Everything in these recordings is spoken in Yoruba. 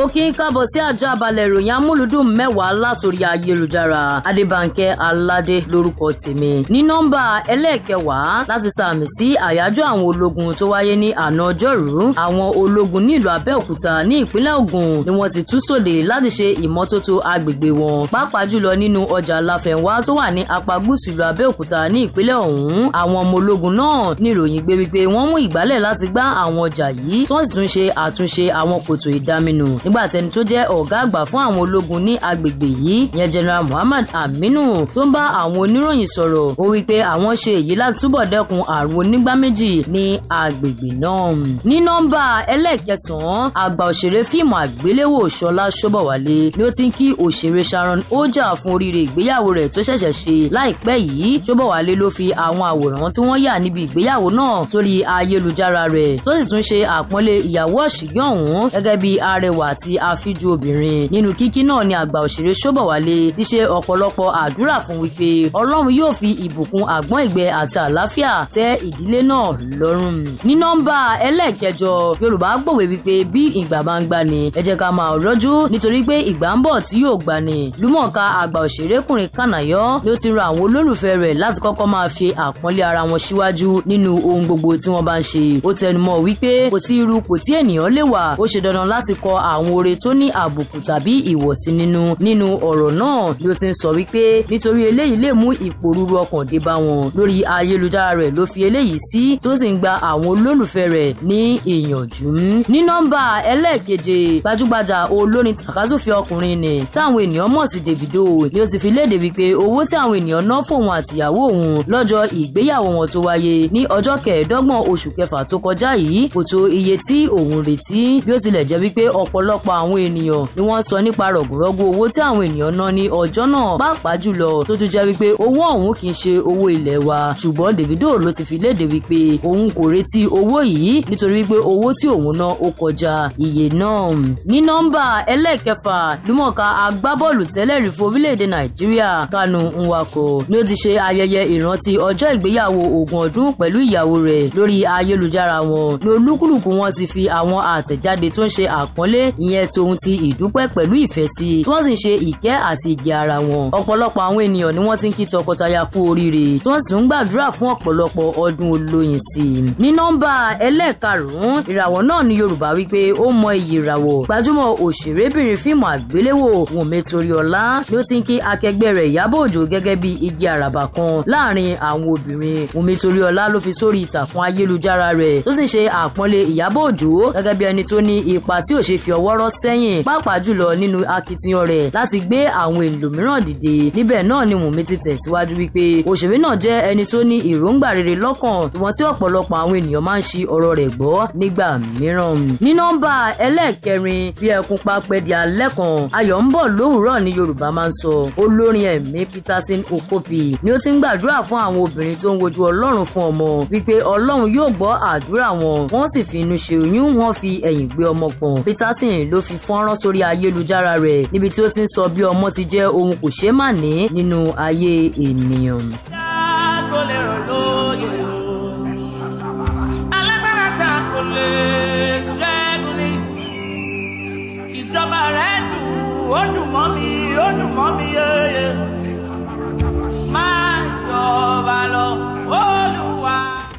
mo kí n káàbọ̀ sí àjàbalẹ̀ ìròyìn amúlùdùn mẹ́wàá látòrí ayélujára adébànkẹ́ aládé lórúkọ tèmi ní nọ́mbà ẹlẹ́ẹ̀kẹwàá láti sàmì sí àyájọ́ àwọn ológun tó wáyé ní àná ọjọ́rú àwọn ológun nílùú abẹ́òkúta ní ìpínlẹ̀ ògùn ni wọ́n ti tú sóde láti ṣe ìmọ́tótó agbègbè wọn pàápàá jùlọ nínú ọjà láfẹ̀wá tó wà ní apá gúúsù ìlú abẹ́òkúta ní ìpínlẹ̀ ọ̀hún àwọn ọmọ ológun náà níròyìn gbé wípé wọ́n mú ìgbálẹ̀ láti gbá àwọn ọjà yìí tí wọ́n sì tún ṣe àtúnṣe àwọn kòtò ní nígbà tẹni tó jẹ́ ọ̀gá àgbà fún àwọn ológun ní agbègbè yìí yẹn general muhammad aminu tó ń bá àwọn oníròyìn sọ̀rọ̀ ó wí pé àwọn ṣe èyí láti túbọ̀ dẹ́kun àrùn onígbá méjì ní agbègbè náà. ní nọ́mbà ẹlẹ́kẹsàn-án àgbà òṣèré fíìmù àgbéléwò ṣọlá ṣọ́bọ̀wálé ni ó ti ń kí òṣèré sharon oja fún oríire ìgbéyàwó rẹ̀ tó ṣẹ̀ṣẹ̀ ṣe láìpẹ́ yìí ṣọ́bọ̀wálé ló fi àwọn àwòrán tí wọ́n yà níbi ìgbéyàwó náà sórí ayélujára rẹ̀ tó sì tún ṣe àpọ́nlé ìyàwó ọ̀ṣìgbọ́n ọ̀hún gẹ́gẹ́ bí arẹwà àti àfíjú obìnrin nínú kíkí náà ni àgbà òṣèré Ṣóbọ̀wálé ti ṣe ọ̀pọ̀lọpọ̀ àdúrà fún wípé Ọlọ́run yóò fi ìbùkún àgbọ́n ìgbẹ́ àti àlàáfíà tẹ́ ìdílé náà lọ́rùn. ní nọ́mbà ẹlẹ́ẹ̀kẹjọ Yorùbá gbòwe wípé bí ìgbà máa ń gbani ẹ jẹ́ ká máa rọ́jú nítorí pé ìgbà ń bọ̀ tí yóò gbani lúmọ̀ọ́ká àgbà òṣèrékùnrin Kànáyọ́ ló ti ran àwọn olólùfẹ́ rẹ̀ láti kọ́kọ́ máa fi àpọ́nlé ara wọn síwájú nínú ohun gbogbo tí wọ́n bá ń ṣe ó tẹnumọ́ wípé kò oore tó ní àbùkù tàbí ìwọ̀sí nínú nínú ọ̀rọ̀ náà bí ó ti ń sọ wípé nítorí eléyìí lè mú ìpòrúru ọkàn dé bá wọn lórí ayélujára rẹ̀ ló fi eléyìí sí tó sì ń gba àwọn olólùfẹ́ rẹ̀ ní ìyànjú. ní nọ́mbà ẹlẹ́ẹ̀keje gbajúgbajà olórin tàkásùfẹ́ ọkùnrin ni táwọn ènìyàn mọ̀ sí Davido ni ó ti fi léde wípé owó tí àwọn ènìyàn ná fóun àtìyàwó òun lọ́jọ́ ìgbéyàwó ọ̀pọ̀lọpọ̀ àwọn ènìyàn ni wọ́n sọ nípa rọ̀gùrọ̀gù owó tí àwọn ènìyàn ná ní ọjọ́ náà pàápàá jùlọ tó tún jẹ́ wípé owó ọ̀hún kì í ṣe owó ilẹ̀ wa ṣùgbọ́n Davido ló ti fi léde wípé òun kò retí owó yìí nítorí wípé owó tí òun ná ó kọjá iye náà. ní nọ́mbà ẹlẹ́ẹ̀kẹfà lúmọ̀ọ́ká agbábọ́ọ̀lù tẹ́lẹ̀ rí fún orílẹ̀-èdè Nàìjíríà Kanu Nwankwo ni ó ti ṣe ayẹyẹ ìrántí ọjọ́ ìgbéyàwó ogún ọdún pẹ̀lú ìyàwó rẹ̀ lórí ayélujára wọn ni olúkúlùkù wọn ti fi àwọn àtẹ̀jáde tó ń ṣe àpọ́nlé ì ìyẹn tòun ti ìdúpẹ́ pẹ̀lú ìfẹ́ sí i tí wọ́n sì ṣe ìkẹ́ àti ìgẹ̀ ara wọn. ọ̀pọ̀lọpọ̀ àwọn ènìyàn ni wọ́n ti ń kí tọkọtaya kú oríire tí wọ́n sì tún gbàdúrà fún ọ̀pọ̀lọpọ̀ ọdún olóyin sí i. ní nọ́mbà ẹlẹ́ẹ̀karùn-ún ìràwọ̀ náà ni Yorùbá wípé ó mọ iyì ìràwọ̀ gbajúmọ̀ òṣèrébìnrin fíìmù àgbéléwò Wùnmí Toríọlá ni ó ti ń kí akẹgbẹ́ rẹ̀ Ìyábọ̀ Òjó gẹ́gẹ́ bí igi àràbà kan láàrin àwọn obìnrin Wùnmí Toríọlá ló fi sórí ìtàkùn ayélujára rẹ̀ tó sì ṣe àpọ́nlé Ìyábọ̀ Òjó gẹ́gẹ́ bí ẹni tó ní ipa tí ò ọwọ́ lọ́wọ́rọ́ sẹ́yìn pàápàá jùlọ nínú akitiyan rẹ̀ láti gbé àwọn ẹlòmíràn dìde níbẹ̀ náà ni Wùnmí ti tẹ̀síwájú wípé òṣèré náà jẹ́ ẹni tó ní èròǹgbà rere lọ́kàn ṣùgbọ́n tí ọ̀pọ̀lọpọ̀ àwọn ènìyàn máa ń ṣi ọ̀rọ̀ rẹ̀ gbọ́ nígbà mìíràn. ní nọ́mbà ẹlẹ́ẹ̀kẹrin bí ẹkùn pápẹ́ di alẹ́ kan ayọ̀ ń bọ̀ lówùúrọ̀ ní Yorùbá máa ń sọ olórin ẹ̀mí Peterson Okopi ni ó ti ń gbàdúrà fún àwọn obìnrin tó ń wojú Ọlọ́run fún ọmọ wípé Ọlọ́run yóò gbọ́ àdúrà wọn wọ́n sì fi inú ṣe oyún wọ́n fi ẹ̀yìn gbé ọmọ pọ̀n Peterson ló fi fọ́nrán sórí ayélujára rẹ̀ níbi tí ó ti ń sọ bí ọmọ ti jẹ́ ohun kò ṣeé mà ní nínú ayé ènìyàn.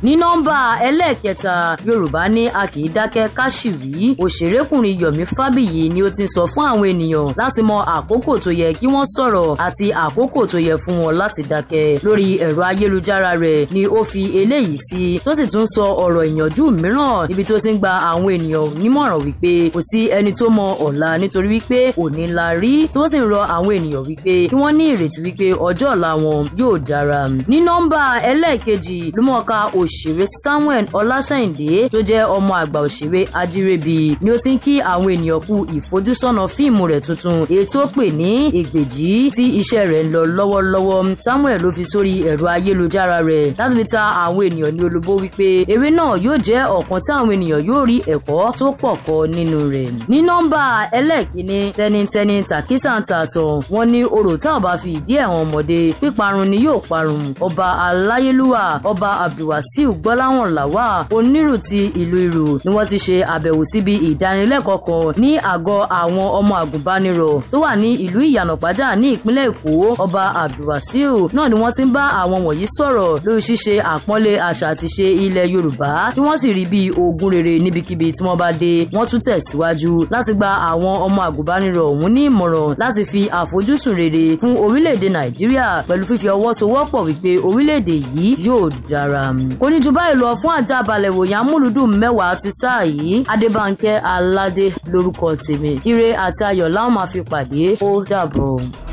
ní nọ́mbà ẹlẹ́ẹ̀kẹta yorùbá ní a kì í dákẹ́ káṣìwí òṣèrékùnrin yomi fábíyì ni ó ti sọ fún àwọn ènìyàn láti mọ àkókò tó yẹ kí wọ́n sọ̀rọ̀ àti àkókò tó yẹ fún wọn láti dákẹ́ lórí ẹ̀rọ ayélujára rẹ̀ ni ó fi eléyìí sí tó sì tún sọ ọ̀rọ̀ ìyànjú mìíràn níbi tó ti ń gba àwọn ènìyàn nímọ̀ràn wípé kò sí ẹni tó mọ ọ̀la nítorí wípé òní la rí tó sì ń rọ àwọn ènìyàn wípé kí wọ́n ní ìrètí wípé ọjọ́ ọ̀la wọn yóò dára ní nọ́mbà ẹlẹ́ẹ̀kejì lúmọ̀ọ́ká òṣ òṣèré samuel ọlásẹ̀yìndé tó jẹ́ ọmọ àgbà òṣèré ajírẹ́bí ni ó ti ń kí àwọn ènìyàn kú ìfojúsọ́nà fíìmù rẹ̀ tuntun èyí tó pè ní ègbèjì tí iṣẹ́ rẹ̀ ń lọ lọ́wọ́lọ́wọ́ samuel ló fi sórí ẹ̀rọ ayélujára rẹ̀ láti fi ta àwọn ènìyàn ní olobó wípé eré náà yóò jẹ́ ọ̀kan tí àwọn ènìyàn yóò rí ẹ̀kọ́ tó pọ̀ kọ́ nínú rẹ̀ ní nọ́mbà ẹlẹ́ẹ̀kínní tẹnitẹni tàkísà ń tààtàn wọ́n ní orò tá ò bá fi ìdí ẹ̀wọ̀n ọmọdé píparun ni yóò parun ọba aláyélúwà ọba abdulwasi Wàsíù Gbọ́láhàn Làwà onírù ti ìlú Irù ni wọ́n ti ṣe àbẹ̀wò síbi ìdánilẹ́kọ̀ọ́ kan ní àgọ́ àwọn ọmọ àgùnbánirọ̀ tó wà ní ìlú Ìyànàpájà ní ìpínlẹ̀ Èkó ọba Abdulwasiu náà ni wọ́n ti ń bá àwọn wọ̀nyí sọ̀rọ̀ lórí ṣíṣe àpọ́nlé àṣà àti ṣe ilẹ̀ Yorùbá tí wọ́n sì rí bíi ogún rere níbikíbi tí wọ́n bá dé wọ́n tún tẹ̀síwájú láti gba àwọn ọmọ àgùnbánirọ̀ ọ̀hún ní ìmọ̀ràn láti fi àfojúsùn rere fún orílẹ̀-èdè Nàìjíríà pẹ̀lú fífi ọwọ́ sowọ́pọ̀ wípé orílẹ̀-èdè yìí yóò dára. ó ní ju báyìí lọ fún àjà àbàlẹ̀ ìròyìn amúlùdùn mẹ́wàá ti sáà yìí adébánkẹ́ aládé lórúkọ tèmi ire àti ayọ̀ láwọn máa fi pàdé ó dàbọ̀.